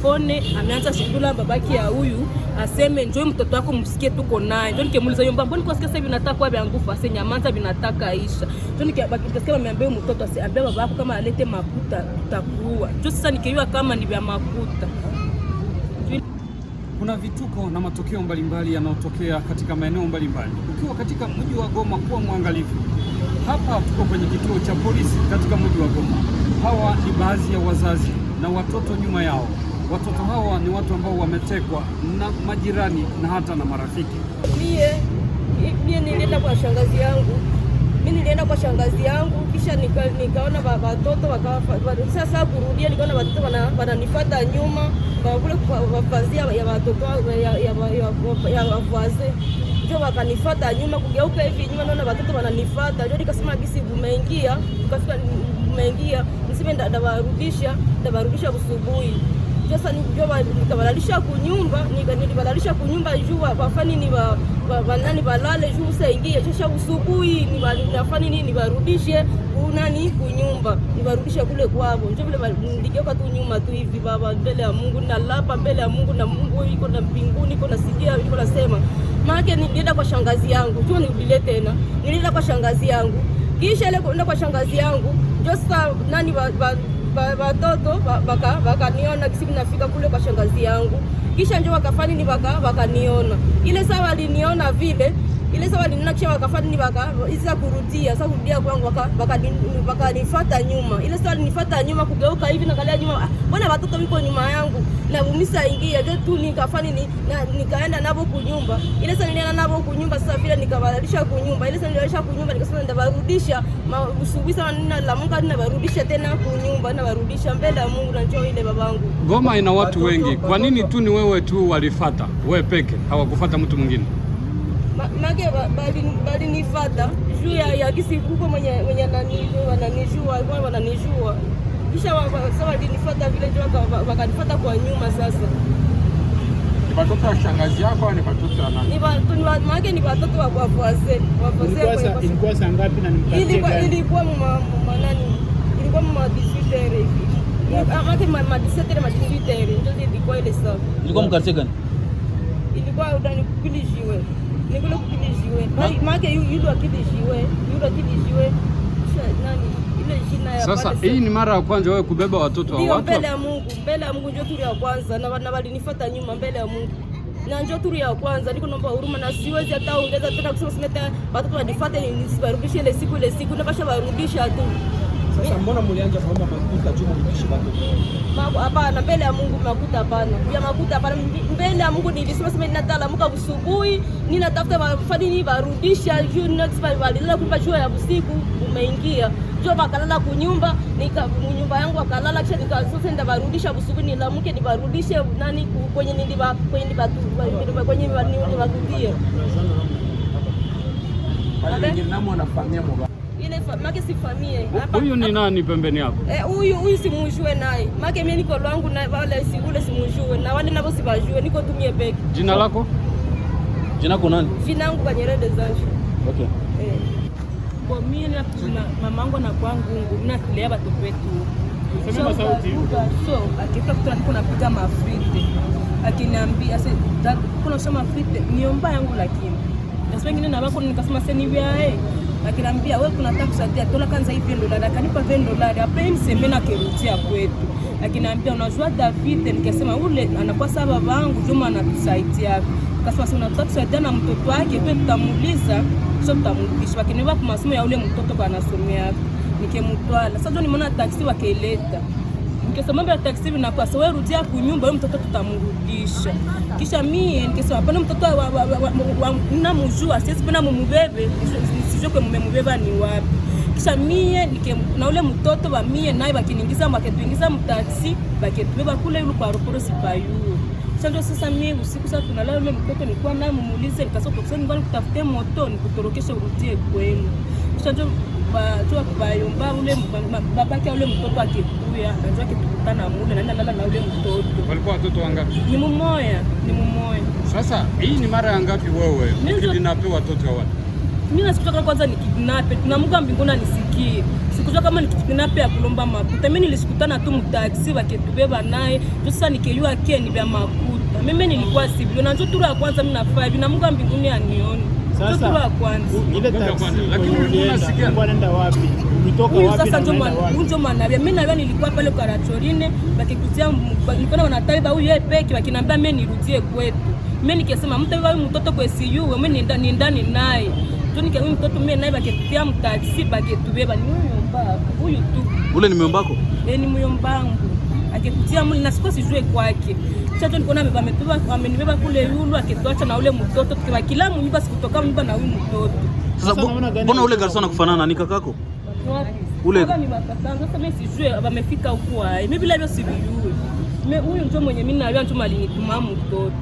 telefone ameanza shugula babaki ya huyu aseme njoo mtoto wako msikie tuko naye. Njoo nikimuuliza yomba mbona kwa sasa vinataka vya nguvu ase nyamaza vinataka isha. Njoo nikasikia wameambia mtoto asiambia baba yako kama alete makuta tutakuwa. Njoo sasa nikiwa kama ni vya makuta. Kuna vituko na matokeo mbalimbali yanayotokea katika maeneo mbalimbali. Ukiwa katika mji wa Goma, kuwa mwangalifu. Hapa tuko kwenye kituo cha polisi katika mji wa Goma. Hawa ni baadhi ya wazazi na watoto nyuma yao. Watoto hawa ni watu ambao wametekwa na majirani na hata na marafiki. Mie mie nilienda kwa shangazi yangu, mimi nilienda kwa shangazi yangu, kisha nika, nikaona watoto sasa kurudia, nikaona watoto wananifuata nyuma kule wafazia ya watoto ya wafaze ndio wakanifuata nyuma, kugeuka hivi nyuma, naona watoto wananifuata, ndio nikasema gisi vumeingia, ukafika vumeingia, mseme ndawarudisha, ndawarudisha usubuhi sasa nikabalalisha kunyumba nilibadalisha kunyumba juu wa wanani balale juu usaingie sasa usubuhi ni nafani nini nibarudishe kunani kunyumba nibarudishe kule kwao njo vile niligeuka tu nyuma tu hivi baba mbele ya Mungu na lapa mbele ya Mungu na Mungu iko na mbinguni iko nasikia iko nasema maana nilienda kwa shangazi yangu juu nilile tena nilienda kwa shangazi yangu kisha ile kwa shangazi yangu ndio sasa nani ba, ba, watoto wakaniona kisi nafika kule kwa shangazi yangu, kisha njo wakafani ni wakaniona ile saa waliniona vile ile sawa linena kisha wakafata ni baka isa kurudia sasa kurudia kwangu waka wakanifuata nyuma ile sawa linifuata nyuma kugeuka hivi na kalia nyuma, mbona watoto wiko nyuma yangu na vumisa ingia ndio tu nikafani ni, na, nikaenda nabo kunyumba ile sawa nilienda nabo kunyumba. Sasa vile nikabadilisha kunyumba ile sawa niliwalisha kunyumba, nikasema ndabarudisha usubuhi sana nina la Mungu ninabarudisha tena kunyumba ninabarudisha mbele ya Mungu na njoo ile babangu. Goma ina watu wengi, kwa nini tu ni wewe tu walifata wewe peke, hawakufata mtu mwingine? make fata juu ya kisi kuko mwenye mwenye wananijua alikuwa wananijua, kisha sasa fata vile ndio wakanifata kwa nyuma. Sasa ni watoto wa shangazi yako? Ni watoto wa nani? Make ni watoto wa wafuaze. Ilikuwa saa ngapi na ni mkate gani? Ilikuwa mwanani, ilikuwa mwa 18 hivi make ma 17 ma 18 ndio ilikuwa ile saa. Ilikuwa mkate gani? Ilikuwa ndani kulijiwe nikule akidishiwe akidishiwe nani ile jina ya sasa. Hii ni mara ya kwanza wewe kubeba watoto wa watu mbele ya Mungu, mbele ya Mungu ndio turi ya kwanza, na na walinifuata nyuma mbele ya Mungu na njo turi ya kwanza, niko naomba huruma na siwezi hata ongeza tena kusema simeta watoto wanifuate, nisibarudishe ile siku ile siku na basha barudisha tu sasa mbona mlianja kuomba makuta juu mlibishi watu? Hapana, mbele ya Mungu makuta hapana. Ya makuta hapana. Mbele ya Mungu nilisema sema ninatalamuka busubuhi, ninatafuta mafadhili ni barudisha juu ninatisipa walilala kupa juu ya usiku umeingia. Jo bakalala kunyumba, nika nyumba yangu akalala kisha nika sasa nitabarudisha busubuhi nilamuke nibarudishe nani kwenye niliba kwenye niliba kwenye niliba ni niliba kutia. Wale wengine namo wanafanyia mbaya ile make si famie. Huyu ni nani pembeni yako? Eh, huyu huyu simujue naye. Make mimi niko lwangu na wale si ule simujue na wale nabo sibajue niko tumie beki. Jina lako? Jina lako nani? Jina langu kwa Kanyerere Desange. Okay. Eh. Kwa mimi na kuna mamangu na kwangu mnatulea watoto wetu. Sema sauti. So, akifika kutoka niko napika mafrite. Akiniambia sasa kuna sema mafrite niomba yangu lakini. Sasa wengine na wako nikasema sasa ni vya eh akiniambia wewe kuna taksi atia tola kanza hivi ndo dada kanipa vendo dada apen semena kerudia kwetu, akiniambia unajua David, nikasema ule anakuwa saba wangu Juma anatusaidia kasema sasa unatakusaidia na mtoto wake pia tutamuuliza sio tutamrudisha, lakini wapo masomo ya ule mtoto kwa anasomea nikemtwala. Sasa ndo nimeona taksi wakaileta Nikasema mambo ya taksi vinapasa wewe rudia kunyumba, wewe mtoto tutamrudisha. Kisha mimi nikasema hapana, mtoto wa namjua siwezi penda mumubebe mujue kwe mmemubeba ni wapi. Kisha mie nike na ule mtoto wa mie naye bakiningiza baketuingiza mtaksi baketubeba kule ulu kwa ruporo sipayu. Sasa sasa mie usiku sasa tunalala ule mtoto nilikuwa naye mumuulize nikasema kwa sababu ngani kutafutia moto nikutorokesha urudie kwenu. Sasa ndio ba bayomba ule babake ule mtoto akikuya anajua kitukutana mule naenda lala na ule mtoto. Walikuwa watoto wangapi? Ni mumoya, ni mumoya. Sasa hii ni mara ya ngapi wewe? Kidinapewa watoto wa watu mimi nasikutoka kwanza ni kidnape. Tuna Mungu wa mbinguni anisikie. Sikujua kama ni ya kulomba makuta. Mimi nilisikutana tu mtaxi waketubeba naye. Sasa nikeliwa ke ni vya makuta. Mimi nilikuwa sivyo. Na tuturu ya kwanza mimi na five na Mungu mbinguni anione. Sasa ya kwanza. Ile taxi lakini unasikia unaenda wapi? Umetoka wapi? Sasa ndio manjo manabia. Mimi nayo nilikuwa pale kwa Rachorine bakikutia nikaona wanataiba huyu yeye peke wakinambia mimi nirudie kwetu. Mimi nikisema mtu wewe mtoto kwa CU wewe nenda nenda naye mtoto mimi naye baketia mtaxi baketubeba ni huyu tu ule ni myombako e, eh, ni myombangu akekutia muli na sikuwa sijue kwake chacho nikuona amenibeba kule yulu akituacha na ule mtoto tukiwa kila mnyumba sikutoka mnyumba na huyu mtoto sasa mbona ule garson anakufanana ni kakako ule ni bakatanga sasa mimi sijue wamefika huko mimi bila hivyo sivijue huyu ndio mwenye mimi na yeye ndio alinituma mtoto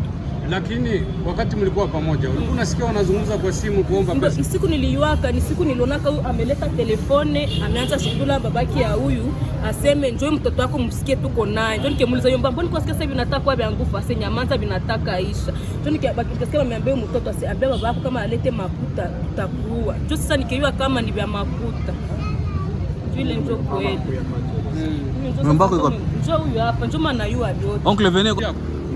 lakini wakati mlikuwa pamoja, ulikuwa unasikia wanazungumza kwa simu kuomba pesa. Siku niliyuaka, ni siku nilionaka huyu ameleta telefone, ameanza shukula babaki ya huyu aseme njoo mtoto wako msikie tuko naye. Ndio nikimuuliza yomba, mbona kwa sasa nataka kwa biangufu ase nyamanza binataka aisha. Ndio nikasikia ameambia mtoto asiambia baba yako kama alete makuta tutakuwa. Ndio sasa nikiwa kama ni vya makuta. Vile ndio kweli. Mmbako iko. Njoo huyu hapa, njoo maana yua yote. Onkle Veneko.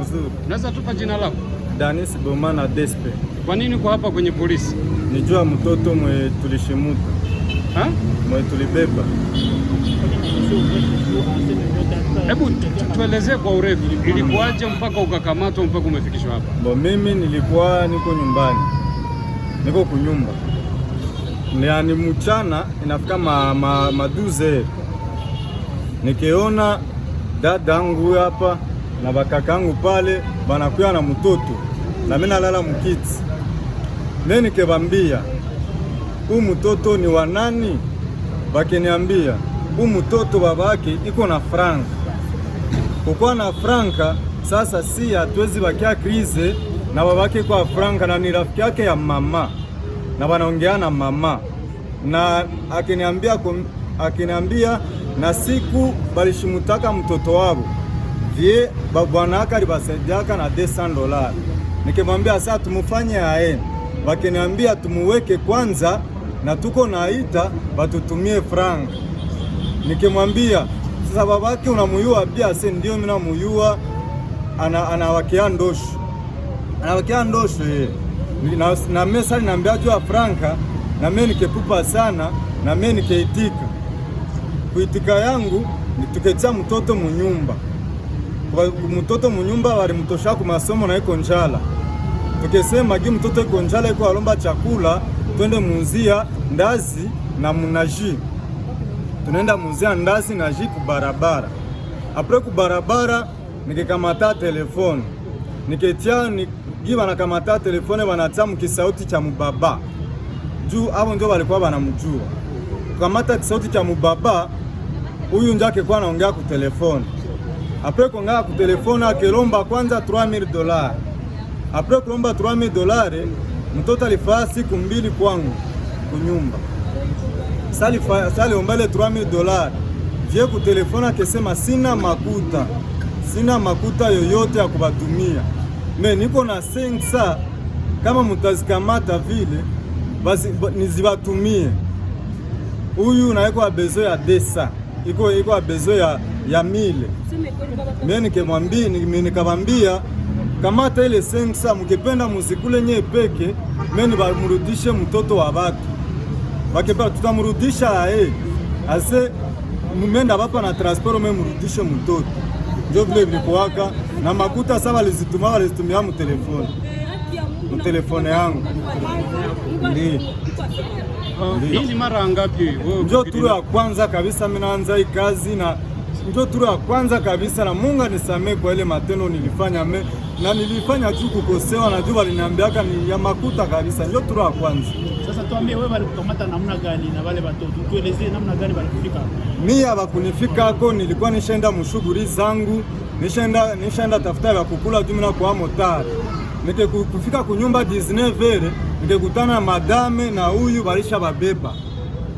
Mzuri. Unaweza tupa jina lako? Danis Bomana Despe. Kwa nini uko hapa kwenye polisi? Nijua mtoto mwe tulishimuta ha? Mwe tulibeba. Hebu tuelezee kwa urefu ilikuwaje mpaka ukakamatwa mpaka umefikishwa hapa? Bo, mimi nilikuwa niko nyumbani, niko kunyumba, yaani mchana inafika ma, ma, maduze, nikiona dadangu hapa na bakakangu pale banakuya na mutoto na mimi nalala mukiti, neni kebambia u mtoto ni wa nani? Bakiniambia huu mutoto babake iko na franka, kukuwa na franka sasa si hatuwezi bakia krize na babake kwa franka, na ni rafiki yake ya mama na banaongea na mama na akiniambia, akiniambia na siku balishimutaka mtoto wabo ye bwana wake alibasaidiaka na 200 dola. Nikimwambia sasa tumufanye aende, wakiniambia tumuweke kwanza na tuko naita batutumie frank. Nikimwambia sasa babake unamuyua pia, ase ndio mimi namuyua, anawakea ana ndosho anawakea ndosho ye na, na mimi sasa ninaambia jua franka na mimi nikepupa sana na mimi nikeitika kuitika yangu nitukecha mtoto munyumba mutoto munyumba walimutosha ku masomo na iko njala, tukisema gi mtoto iko njala iko alomba chakula, twende muzia ndazi na munaji, tunaenda muzia ndazi na ji kubarabara. Apre kubarabara nikikamata telefone nikitia gi wanakamata telefone wanatia mukisauti cha mubaba juu avo ndio walikuwa wanamjua kukamata kisauti cha mubaba huyu ndio akikuwa anaongea kutelefoni apres kongaka kutelefona akilomba kwanza 3000 dolari. Apres kulomba 3000 dolari, mtoto alifaa siku mbili kwangu kunyumba, saliombale 3000 dolari vye kutelefona akisema sina makuta, sina makuta yoyote ya kubatumia me niko na sensa kama mutazikamata vile basi nizibatumie. Huyu naiko abezo ya desa iko iko bezo ya, ya mile mie nikemwambia nikamwambia kamata ile sensa, mukipenda muzikule nye peke meni bamurudishe mtoto wa batu bakipea tutamurudisha ae ase mumenda bapa na transporo me murudishe mtoto njo vile vilikuwaka na makuta sa walizituma walizitumia mutelefone mutelefone yangu ndi hii mara ngapi wewe? Ndio turu ya kwanza kabisa mimi naanza hii kazi na ndio turu ya kwanza kabisa na Mungu anisamee kwa ile matendo nilifanya me, na nilifanya tu kukosewa na jua liniambiaka ni ya makuta kabisa. Ndio turu ya kwanza. Sasa tuambie wewe walikukamata namna gani na wale watoto? Tuelezee namna gani walikufika. Mimi hapa kunifika hako, nilikuwa nishaenda mshughuli zangu, nishaenda nishaenda tafuta ya kukula jumla kwa motari. Nike kunyumba 19 vere nikikutana madame na huyu barisha babeba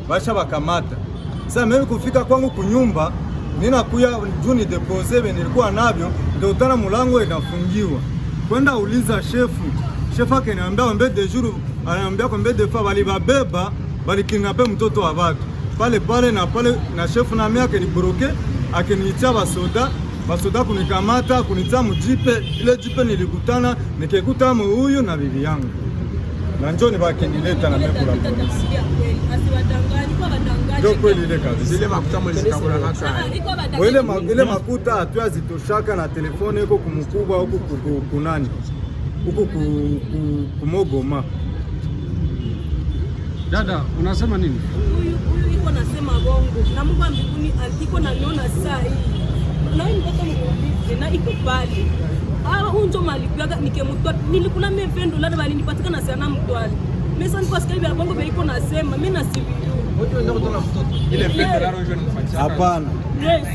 barisha bakamata. Sasa mimi kufika kwangu kunyumba ninakuya juu ni depose venye nilikuwa navyo, nikikutana mulango inafungiwa, kwenda uliza shefu, shefu akaniambia ombe de jour, ananiambia ombe de fa mtoto wa watu pale pale na pale, na shefu nami akeniboroke akeniitia basoda basoda kunikamata kunitia mujipe ile jipe nilikutana nikikutana huyu na bibi yangu na njoni bakendileta na meko la polisi ndio kweli ile kazi zile makuta mwezi kula na chai ile ile makuta hatu azitoshaka na telefone huko kumkubwa huko kunani huko kumogoma. Dada, unasema nini? Huyu huyu iko nasema bongo na Mungu mbinguni iko naniona saa hii na mtoto mkubwa na iko pale ala ah, unjo malikuaga nikemutwa nilikula mevendo lada bali nipatikana sana mtwali mesa nikuwa sikai bila bongo beiko nasema mimi nasibiu Hapana,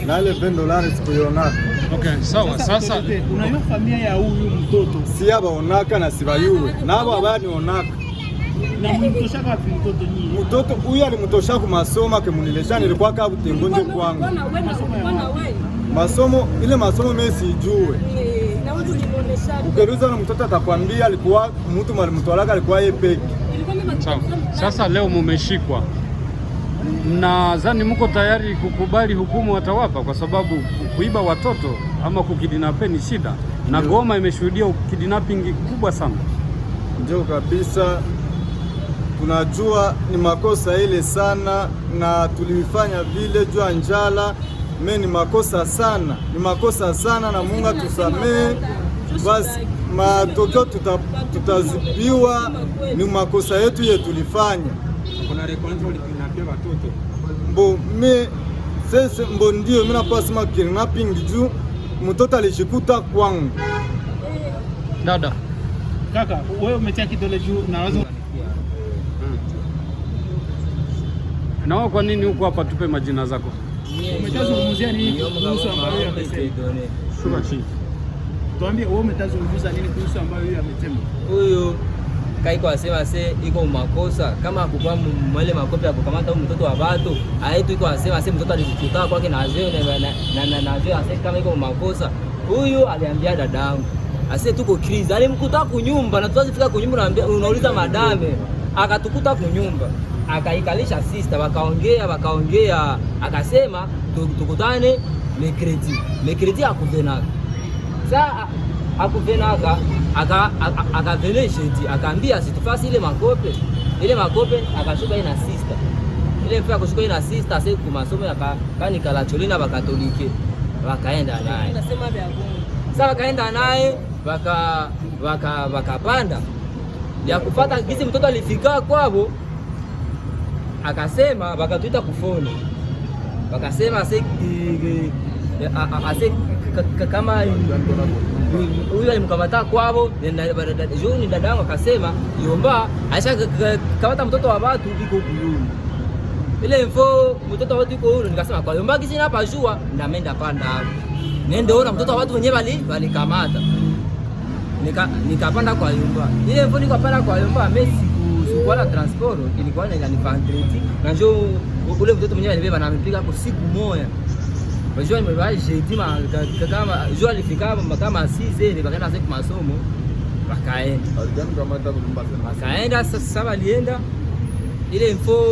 lale pendo lale sikuionaka. Okay, sawa. Sasa unajua familia ya huyu mtoto si abaonaka na sibayuwe nabo abanionaka mtoto huyu alimutosha kumasomo akemunilesha nilikwaka kutengonje kwangu masomo ile masomo mesijue ukeruza na mtoto atakwambia alikuwa mtu alimtwalaka alikuwa yeye peke. Sasa leo mumeshikwa, mnadhani mko tayari kukubali hukumu watawapa? Kwa sababu kuiba watoto ama kukidinape ni shida, na Goma imeshuhudia kidnapping kubwa sana. Ndio kabisa, tunajua ni makosa ile sana, na tulifanya vile jua njala me ni makosa sana, ni makosa sana, na Mungu tusamee. Basi matokeo tuta, tutazibiwa ni makosa yetu ye tulifanya mbo me sese mbo ndio minapasima kidnapping juu mtoto alishikuta kwangu. Dada kaka, wewe umetia kidole juu hmm. na wazo na wao, kwa nini huko hapa? Tupe majina zako. Umeshazungumzia nini kuhusu ambayo amesema? Tuambie wewe umetazungumza nini kuhusu ambayo huyu amesema? Huyu kaiko asema se iko makosa kama akukuwa mwele makopi ya kukamata huyu mtoto wa watu aitu, iko asema se mtoto alikutaka kwake na azeo na na azeo ase kama iko makosa. Huyu aliambia dadangu ase tuko krizi, alimkuta kunyumba na tutazifika kunyumba, unauliza madame akatukuta kunyumba akaikalisha sista wakaongea wakaongea, akasema tukutane mekredi. Mekredi akuvenaka saa akuvenaka akavene jeudi, akaambia situfasi ile makope ile makope, akashuka ina sista ile mpe akushuka ina sister ase kumasomo yakanikala cholina bakatolike, wakaenda naye saa wakaenda naye wakapanda waka, wakapanda ya kupata gisi mtoto alifika kwao akasema wakatuita kufoni, wakasema ase ase kama huyo alimkamata kwavo juni dadangu akasema yomba aisha kamata mtoto wa watu iko kuyuni ile mfo mtoto wa watu iko huyu, nikasema kwa yomba kisina hapa jua menda panda hapo nende ona mtoto wa watu wenyewe bali balikamata, nikapanda nika kwa yomba ile mfo nikapanda kwa yomba mesi nilikuwa na transport ilikuwa na inanifantreti na njoo ule mtoto mwenyewe alibeba na amepiga hapo siku moja Unajua nimewahi jetima kama jua alifika kama asize ni bakaenda siku masomo wakaenda. Alijana kama hata kutumba sema. Akaenda sasa alienda ile info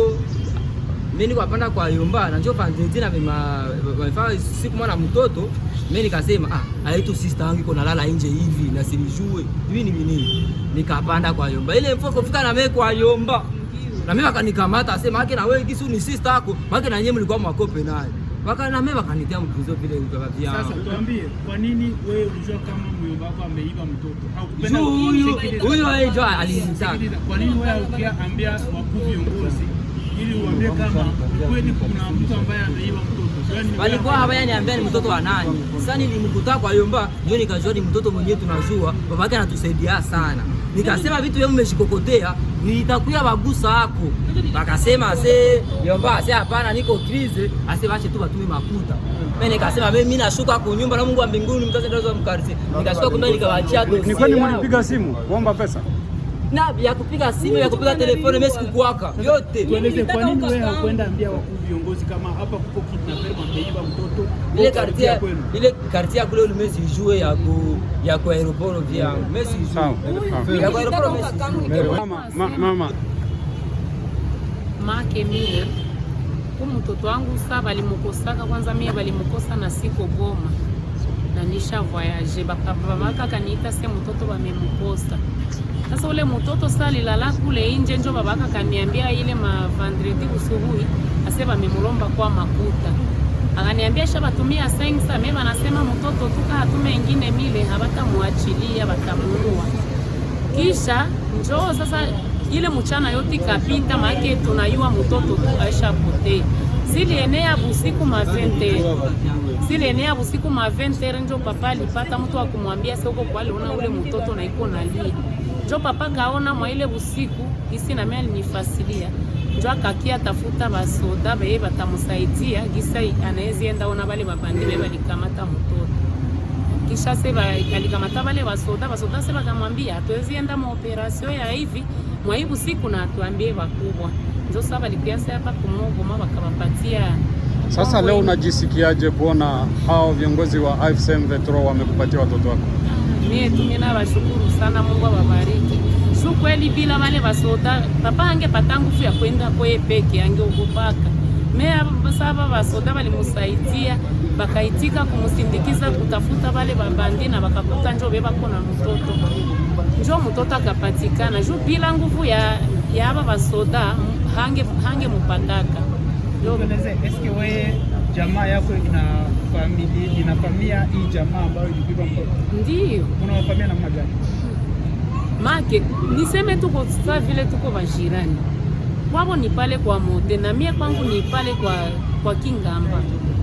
mimi niko hapana kwa yumba na njoo pandenti na mimi siku mwana mtoto mimi nikasema ah, aitu sister yangu iko nalala nje hivi na sinijue. Hivi ni nini? Nikapanda kwa yomba. Ile mfoko kufika na mimi kwa yomba. Na mimi wakanikamata asema yake na wewe kisu ni sister yako. Maana na yeye mlikuwa mwakope naye. Waka na mimi wakanitia mkuzo vile vibaba vyao. Sasa tuambie kwa nini wewe ulijua kama mjomba wako ameiba mtoto? Huyo huyo alijitaka. Kwa nini wewe ukiambia wakuu viongozi ili uambie kama kweli kuna mtu ambaye ameiba mtoto. Yaani Walikuwa hawayaniambia ni mtoto wa nani. Sasa nilimkuta kwa yomba, ndio nikajua ni mtoto mwenyewe tunajua, babake anatusaidia sana. Nikasema vitu yeye mmeshikokotea, nitakuya wagusa hako. Wakasema ase yomba ase hapana, niko krize, ase wache tu watume makuta. Mimi nikasema mimi nashuka kwa nyumba na Mungu wa mbinguni mtazendazwa mkarisi. Nikashuka kumbe nikawachia dosi. Ni kwani mlipiga simu kuomba pesa? nabi ya kupiga simu ya kupiga telefoni mimi sikukuaka yote. Tueleze kwa nini wewe hukwenda ambia wakuu viongozi kama hapa kuko kidnapper wameiba mtoto ile kartia ile kartia kule ile mesi jue ya ku ya kwa aeroporo vya mesi jue ya kwa aeroporo mesi mama mama make mie mtoto wangu sa balimukosaka kwanza, mie balimukosa na siko Goma na nisha voyage baba maka kaniita se mtoto bamemukosa sasa ule mtoto sasa alilala kule nje, njo babaka kaniambia ile mavandredi usubuhi, ase bamemulomba kwa makuta, akaniambia shabatumia sensa mema, anasema mtoto tuka hatume ingine mile habatamuachilia batamuua. Kisha njoo sasa ile mchana yote ikapita, maake tunayua mtoto tu aisha pote zili busiku mavente zile enea busiku mavente, njo papa alipata mtu akumwambia soko kwaliona ule mtoto naiko nalia njo papa gaona ile usiku gisi na mimi nifasilia njo akakia tafuta basoda beye batamusaidia gisa anaezi enda ona bale babandi beye balikamata mtoto kisha se ba alikamata bale basoda basoda se bakamwambia tuwezi enda maoperasio ya hivi mwa mwai usiku na atuambie bakubwa njo sasa balikuasa hapa kumogoma bakabapatia sasa leo unajisikiaje kuona hao viongozi wa AFC M23 wamekupatia watoto wako mie tunge na bashukuru sana, Mungu awabariki. Shu kweli bila wale basoda papa angepata nguvu ya kwenda kweye peke, angeogopaka mea saba basoda balimusaidia bakaitika kumusindikiza kutafuta wale babandi na bakakuta njo bebako na mtoto njo mtoto akapatikana, ju bila nguvu ya ya aba basoda hange hange mupataka. eske wewe jamaa yako ina familia inafamia hii jamaa ambayo ilipigwa mtoto? Ndio. Unawafamia namna gani? Make niseme tuko sasa vile tuko majirani. Kwao ni pale kwa mote na mie kwangu ni pale kwa kwa Kingamba.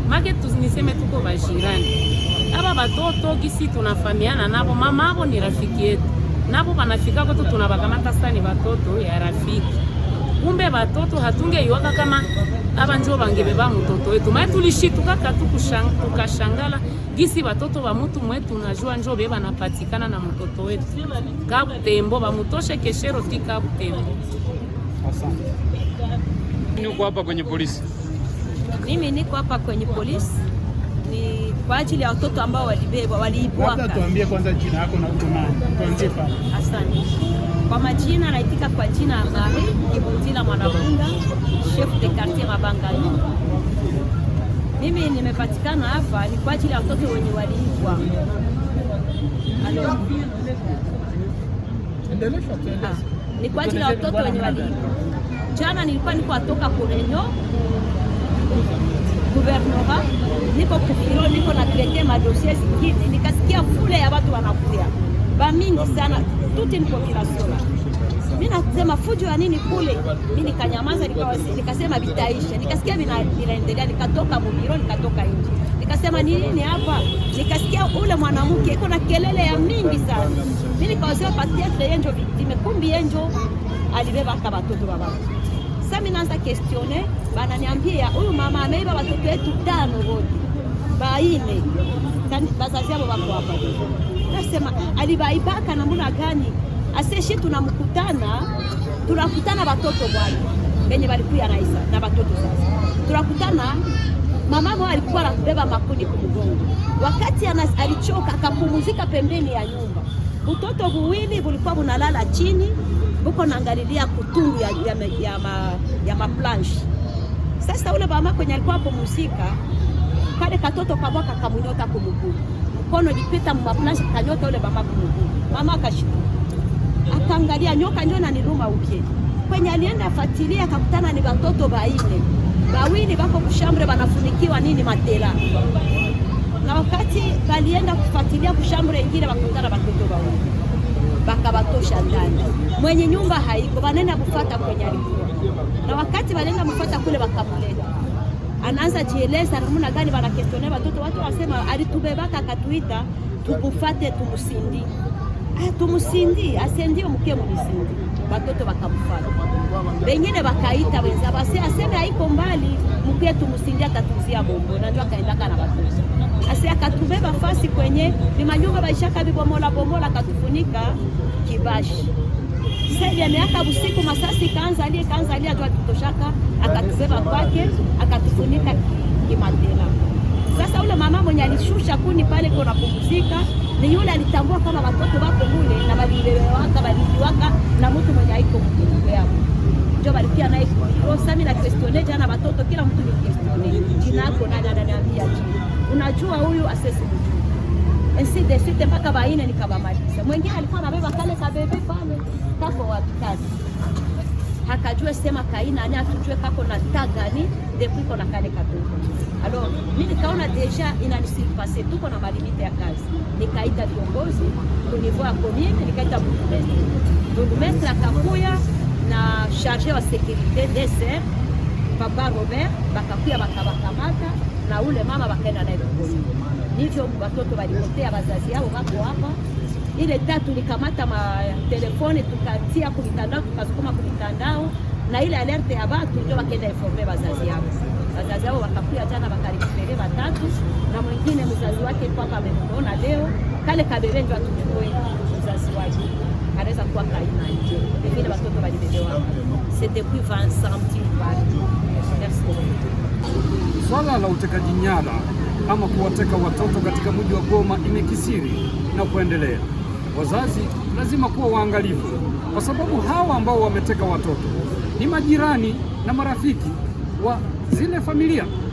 Make tu niseme tuko majirani. Aba batoto kisi tunafamiana navo mama abo ni rafiki yetu. navo banafika kwetu tunabakamata sasa batoto ya rafiki kumbe batoto hatungeiona kama aba njo bangebeba mtoto wetu. Maana tulishituka tukashangala gisi batoto ba mtu mwetu, najua njo beba napatikana na mtoto wetu Kabutembo, bamutoshe keshero ti Kabutembo. Niko hapa kwenye polisi, mimi niko hapa kwenye polisi ni kwa ajili ya watoto ambao walibebwa waliibwa. Tuambie kwanza jina yako na utumani, tuanze pale. Asante. Kwa majina naitika kwa jina Marie Kibutila Mwanabunga, chef de quartier Mabangani. Mimi nimepatikana hapa ni kwa ajili ya watoto wenye waliibwa. Ah, ni kwa ajili ya watoto wenye waliibwa. Jana nilikuwa niko atoka Koreno guvernora, niko kufiro, niko na krete madosie zingine, nikasikia fule ya watu wanakuya ba mingi sana toute une population. Mimi nasema fujo ya nini kule? Mimi nikanyamaza, nikasema vitaisha, nikasikia vinaendelea, nikatoka mubiro, nikatoka nje, nikasema ni nini hapa? Nikasikia ule mwanamke iko na kelele ya mingi sana. Mimi nikawasema patiete yenjo vitime, kumbi yenjo alibeba aka batoto baba. Sasa mimi naanza questione, bananiambia huyu mama ameiba watoto wetu tano wote, baine bazazi yao wako hapa Nasema alibaibaka namuna gani? Aseshi tunamkutana, tunakutana batoto bwana benye balikuya raisa na batoto sasa, tunakutana mamamo alikuwa anakubeba makundi kumugongo, wakati anas, alichoka akapumuzika pembeni ya nyumba. Butoto buwili bulikuwa bunalala chini buko naangalilia kutungu ya, ya, ya, ma, ya maplanshi. Sasa ule mama kwenye alikuwa apumuzika, kale katoto kabwa kakamunyota kumuguu mkono lipita mumaplanshi kanyota ule mama kumuguu. Mama akashuka akaangalia nyoka njo naniruma uke kwenye alienda fatilia akakutana ni watoto baine bawili bako kushambre banafunikiwa nini matela, na wakati balienda kufatilia kushambre ingine bakutana watoto bawili bakabatosha ndani, mwenye nyumba haiko, banene kufata kwenye alikuwa, na wakati balienda mufata kule bakamuleta anaanza jieleza namna gani wanakestione watoto. Watu wasema alitubebaka akatuita tukufate tumusindi, ah, tumusindi asendie mkie mulisindi. Watoto wakamfata, wengine wakaita wenza basi aseme haiko mbali, mkie tumusindi atatuzia bombo. Najua akaendaka na watoto asi akatubeba fasi kwenye vimanyumba vaishaka vibomola bomola, akatufunika kibashi zaidi ya miaka busiku masasi kanzalie aliye kaanza aliye ajua akatubeba kwake akatufunika kimatela. Sasa ule mama mwenye alishusha kuni pale kwa napumzika ni yule alitambua kama watoto wako mule na walilewewaka walijiwaka na mtu mwenye haiko mkuu yao ndio balikia naye kosa. sami na kwestione jana watoto, kila mtu ni kwestione jina yako, na ananiambia, unajua huyu asesi mtu side side mpaka baine nikabamaliza. Mwingine alikuwa anabeba kale kabebe pale kako wakikazi hakajue sema kaina ani akijue kako na tagani depuis kona kale kabebe. Alors mimi nikaona deja inanisurpase, tuko na malimite ya kazi, nikaita viongozi kunivo ya commune, nikaita burgomestre, burgomestre akakuya na charge wa securite dese Papa Robert bakakuya bakabakamata na ule mama bakaenda naye Kongo hivyo watoto walipotea, wazazi yao wako hapa. Ile taa tulikamata matelefoni tukatia kumitandao, tukasukuma kumitandao, na ile alerte ya batu ndio wakaenda informe wazazi yao. Wazazi yao wakakuya jana, wakaripere watatu na mwingine mzazi wake kwamba amemwona leo kale kabebe, ndio atuchukue mzazi wake anaweza kuwa kaina nje, lakini watoto walibelewa c'était plus Vincent Merci. Swala la utekaji nyara ama kuwateka watoto katika mji wa Goma imekisiri na kuendelea. Wazazi lazima kuwa waangalifu, kwa sababu hawa ambao wameteka watoto ni majirani na marafiki wa zile familia.